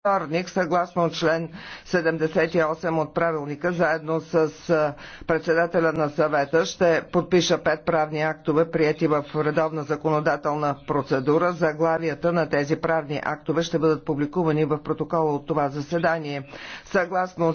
вторник, съгласно член 78 от правилника, заедно с председателя на съвета, ще подпиша пет правни актове, прияти в редовна законодателна процедура. Заглавията на тези правни актове ще бъдат публикувани в протокола от това заседание. Съгласно